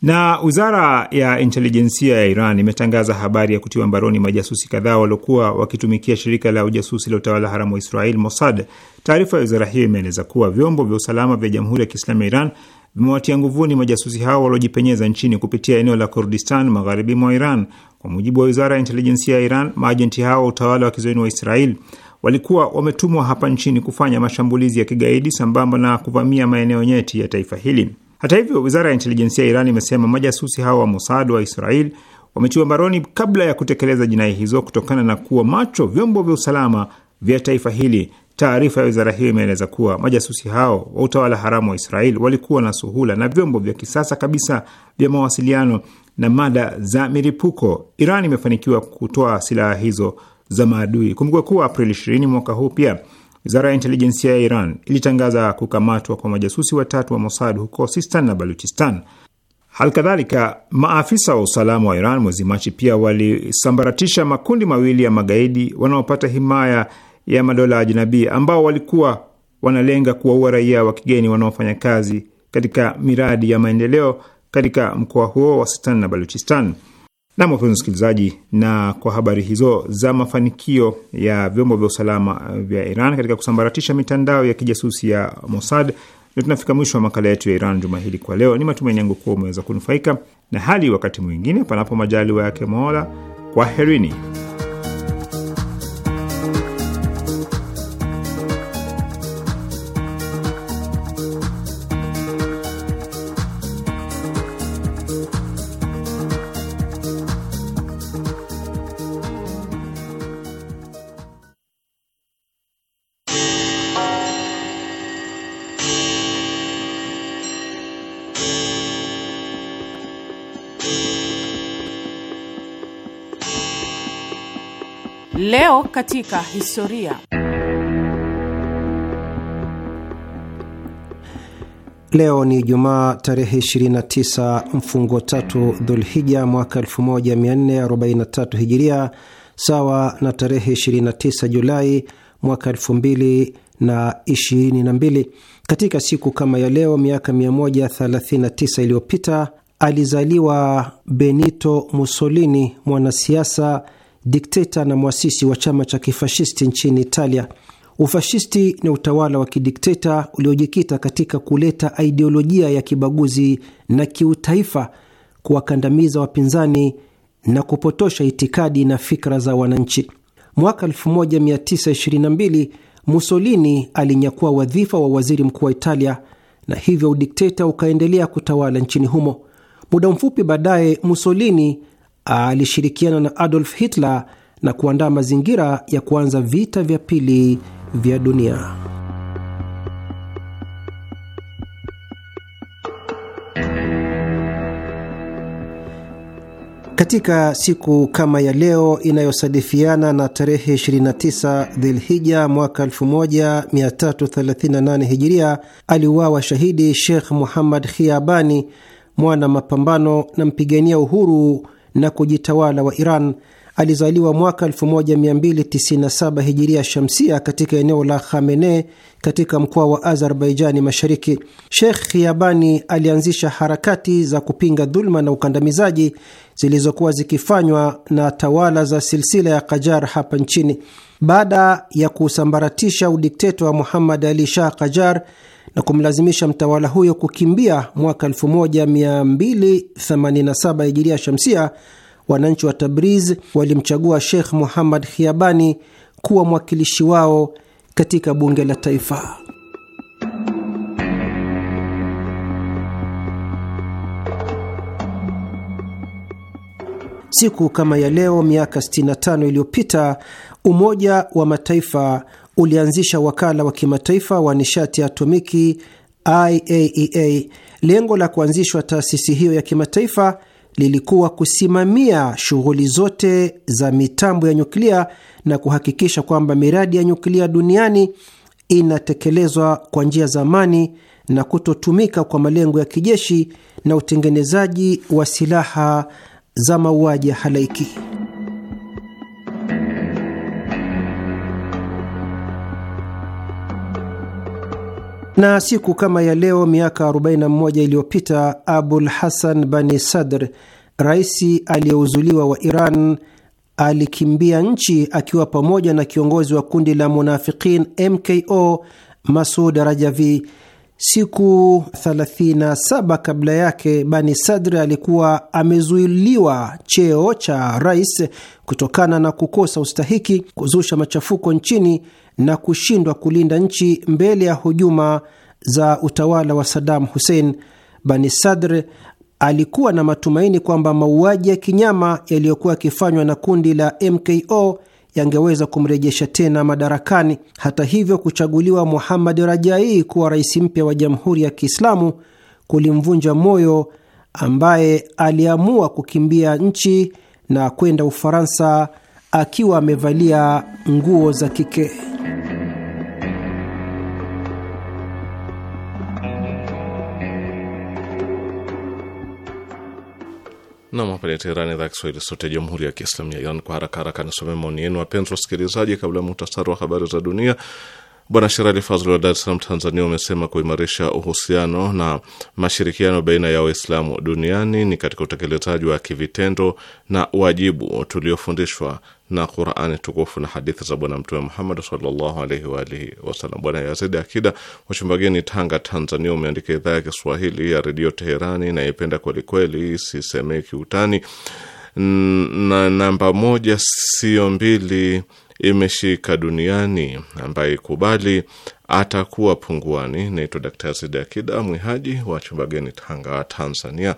Na wizara ya intelijensia ya Iran imetangaza habari ya kutiwa mbaroni majasusi kadhaa waliokuwa wakitumikia shirika la ujasusi la utawala haramu wa Israel, Mossad. Taarifa ya wizara hiyo imeeleza kuwa vyombo vya usalama vya Jamhuri ya Kiislamu ya Iran vimewatia nguvuni majasusi hao waliojipenyeza nchini kupitia eneo la Kurdistan, magharibi mwa Iran. Kwa mujibu wa wizara ya intelijensia ya Iran, maajenti hao wa utawala wa kizoeni wa Israel walikuwa wametumwa hapa nchini kufanya mashambulizi ya kigaidi sambamba na kuvamia maeneo nyeti ya taifa hili. Hata hivyo, wizara ya intelijensia ya Iran imesema majasusi hao wa Mossad wa Israel wametiwa mbaroni kabla ya kutekeleza jinai hizo kutokana na kuwa macho vyombo vya usalama vya taifa hili. Taarifa ya wizara hiyo imeeleza kuwa majasusi hao wa utawala haramu wa Israel walikuwa na suhula na vyombo vya kisasa kabisa vya mawasiliano na mada za miripuko. Iran imefanikiwa kutoa silaha hizo za maadui. Kumbuka kuwa Aprili 20 mwaka huu pia Wizara ya intelijensia ya Iran ilitangaza kukamatwa kwa majasusi watatu wa Mossad huko Sistan na Baluchistan. kadhalika maafisa wa usalama wa Iran mwezi Machi pia walisambaratisha makundi mawili ya magaidi wanaopata himaya ya madola ajnabi ambao walikuwa wanalenga kuwaua raia wa kigeni wanaofanya kazi katika miradi ya maendeleo katika mkoa huo wa Sistan na Baluchistan. Nam, wapenzi msikilizaji, na kwa habari hizo za mafanikio ya vyombo vya usalama vya Iran katika kusambaratisha mitandao ya kijasusi ya Mossad, ndio tunafika mwisho wa makala yetu ya Iran juma hili kwa leo. Ni matumaini yangu kuwa umeweza kunufaika na hali. Wakati mwingine, panapo majaliwa yake Mola, kwaherini. Leo katika historia. Leo ni Jumaa tarehe 29 mfungo tatu Dhulhija mwaka 1443 Hijiria, sawa na tarehe 29 Julai mwaka 2022. Katika siku kama ya leo miaka 139 iliyopita alizaliwa Benito Mussolini, mwanasiasa dikteta na mwasisi wa chama cha kifashisti nchini Italia. Ufashisti ni utawala wa kidikteta uliojikita katika kuleta aidiolojia ya kibaguzi na kiutaifa, kuwakandamiza wapinzani na kupotosha itikadi na fikra za wananchi. Mwaka 1922 Mussolini alinyakua wadhifa wa waziri mkuu wa Italia na hivyo udikteta ukaendelea kutawala nchini humo. Muda mfupi baadaye, Mussolini alishirikiana na Adolf Hitler na kuandaa mazingira ya kuanza vita vya pili vya dunia. Katika siku kama ya leo inayosadifiana na tarehe 29 Dhilhija mwaka 1338 Hijiria, aliuawa shahidi Sheikh Muhammad Khiabani, mwana mapambano na mpigania uhuru na kujitawala wa Iran. Alizaliwa mwaka 1297 hijiria shamsia katika eneo la Khamene katika mkoa wa Azerbaijani Mashariki. Sheikh Khiabani alianzisha harakati za kupinga dhuluma na ukandamizaji zilizokuwa zikifanywa na tawala za silsila ya Kajar hapa nchini. Baada ya kusambaratisha udikteta wa Muhammad Ali Shah Kajar, na kumlazimisha mtawala huyo kukimbia mwaka 1287 hijiria shamsia. Wananchi wa Tabriz walimchagua Sheikh Muhammad Khiabani kuwa mwakilishi wao katika bunge la taifa. Siku kama ya leo miaka 65 iliyopita Umoja wa Mataifa ulianzisha wakala wa kimataifa wa nishati ya atomiki IAEA. E Lengo la kuanzishwa taasisi hiyo ya kimataifa lilikuwa kusimamia shughuli zote za mitambo ya nyuklia na kuhakikisha kwamba miradi ya nyuklia duniani inatekelezwa kwa njia za amani na kutotumika kwa malengo ya kijeshi na utengenezaji wa silaha za mauaji ya halaiki. Na siku kama ya leo miaka 41 iliyopita Abul Hasan Bani Sadr, raisi aliyeuzuliwa wa Iran, alikimbia nchi akiwa pamoja na kiongozi wa kundi la Munafiqin MKO Masud Rajavi Siku 37 kabla yake, Bani Sadri alikuwa amezuiliwa cheo cha rais kutokana na kukosa ustahiki, kuzusha machafuko nchini na kushindwa kulinda nchi mbele ya hujuma za utawala wa Saddam Hussein. Bani Sadr alikuwa na matumaini kwamba mauaji ya kinyama yaliyokuwa yakifanywa na kundi la MKO yangeweza kumrejesha tena madarakani. Hata hivyo, kuchaguliwa Muhammad Rajai kuwa rais mpya wa Jamhuri ya Kiislamu kulimvunja moyo, ambaye aliamua kukimbia nchi na kwenda Ufaransa akiwa amevalia nguo za kike. Nam, hapa ni Teherani, idhaa Kiswahili, sauti ya jamhuri ya kiislamu ya Iran. Kwa haraka haraka nisome maoni yenu, wapenzi wasikilizaji, kabla ya muhtasari wa habari za dunia. Bwana Sherali Fazl wa Dar es Salaam, Tanzania, umesema kuimarisha uhusiano na mashirikiano baina ya Waislamu duniani ni katika utekelezaji wa kivitendo na wajibu tuliofundishwa na Qurani tukufu na hadithi za Bwana Mtume Muhammad sallallahu alaihi wa alihi wasallam. Bwana Yazidi Akida Wachumbageni, Tanga, Tanzania, umeandika idhaa ya Kiswahili ya Redio Teherani naipenda kwelikweli, sisemei kiutani Na namba moja sio mbili imeshika duniani, ambaye ikubali atakuwa punguani. Naitwa Daktari akida Mwihaji wa Chumbageni, Tanga, Tanzania.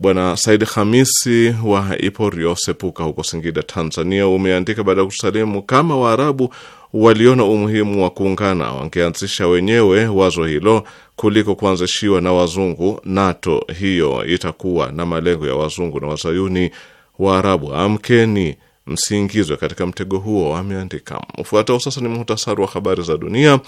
Bwana Said Hamisi wa Iporio Sepuka huko Singida, Tanzania, umeandika baada ya kusalimu, kama Waarabu waliona umuhimu wa kuungana wangeanzisha wenyewe wazo hilo kuliko kuanzishiwa na wazungu. NATO hiyo itakuwa na malengo ya wazungu na wazayuni. Waarabu amkeni, msiingizwe katika mtego huo, ameandika. Ufuatao sasa ni muhtasari wa habari za dunia.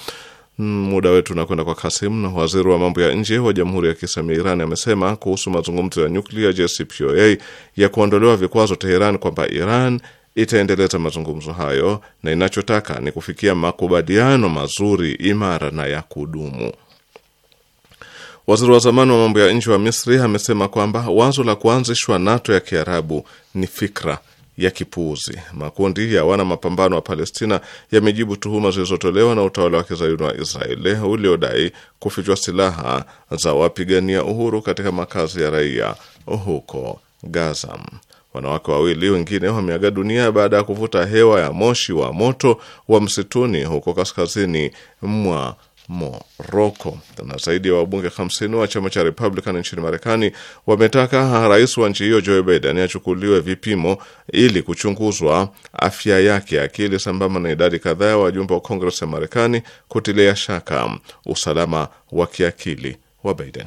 Muda wetu unakwenda kwa kasi mno. Waziri wa mambo ya nje wa Jamhuri ya Kiislamu ya Iran amesema kuhusu mazungumzo ya nyuklia JCPOA ya kuondolewa vikwazo Teheran kwamba Iran itaendeleza mazungumzo hayo na inachotaka ni kufikia makubaliano mazuri, imara na ya kudumu. Waziri wa zamani wa mambo ya nje wa Misri amesema kwamba wazo la kuanzishwa NATO ya Kiarabu ni fikra ya kipuuzi. Makundi ya wana mapambano wa Palestina yamejibu tuhuma zilizotolewa na utawala wa kizayuni wa Israeli uliodai kufichwa silaha za wapigania uhuru katika makazi ya raia huko Gaza. Wanawake wawili wengine wameaga dunia baada ya kuvuta hewa ya moshi wa moto wa msituni huko kaskazini mwa Moroko. Na zaidi ya wabunge 50 wa chama cha Republican nchini Marekani wametaka rais wa nchi hiyo Joe Biden achukuliwe vipimo ili kuchunguzwa afya yake ya akili, sambamba na idadi kadhaa ya wajumbe wa Kongres ya Marekani kutilia shaka usalama wa kiakili wa Biden.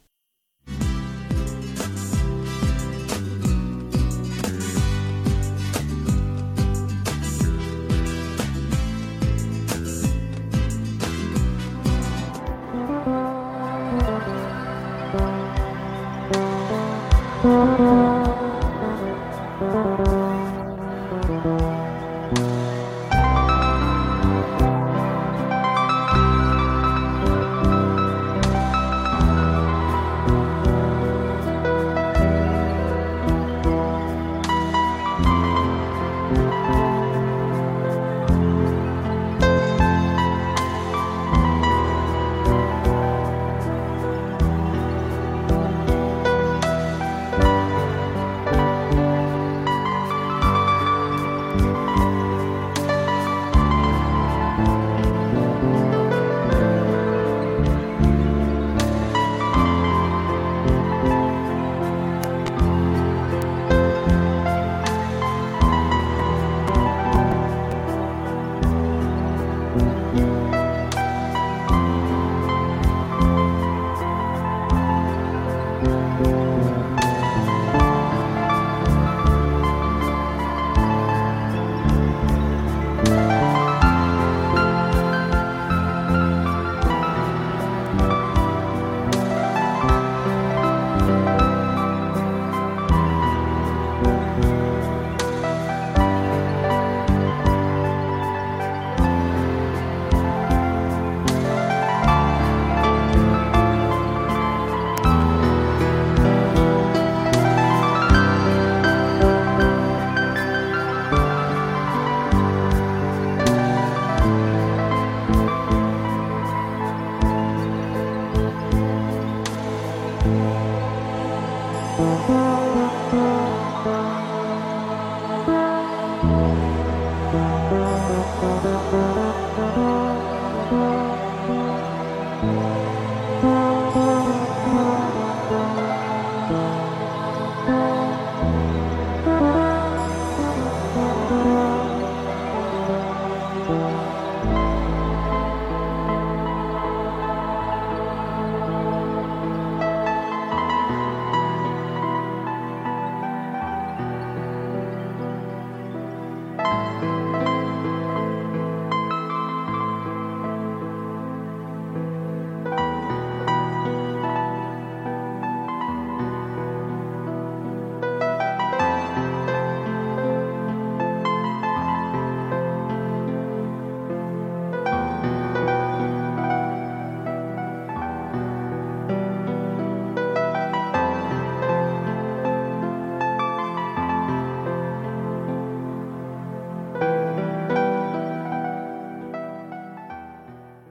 Thank you.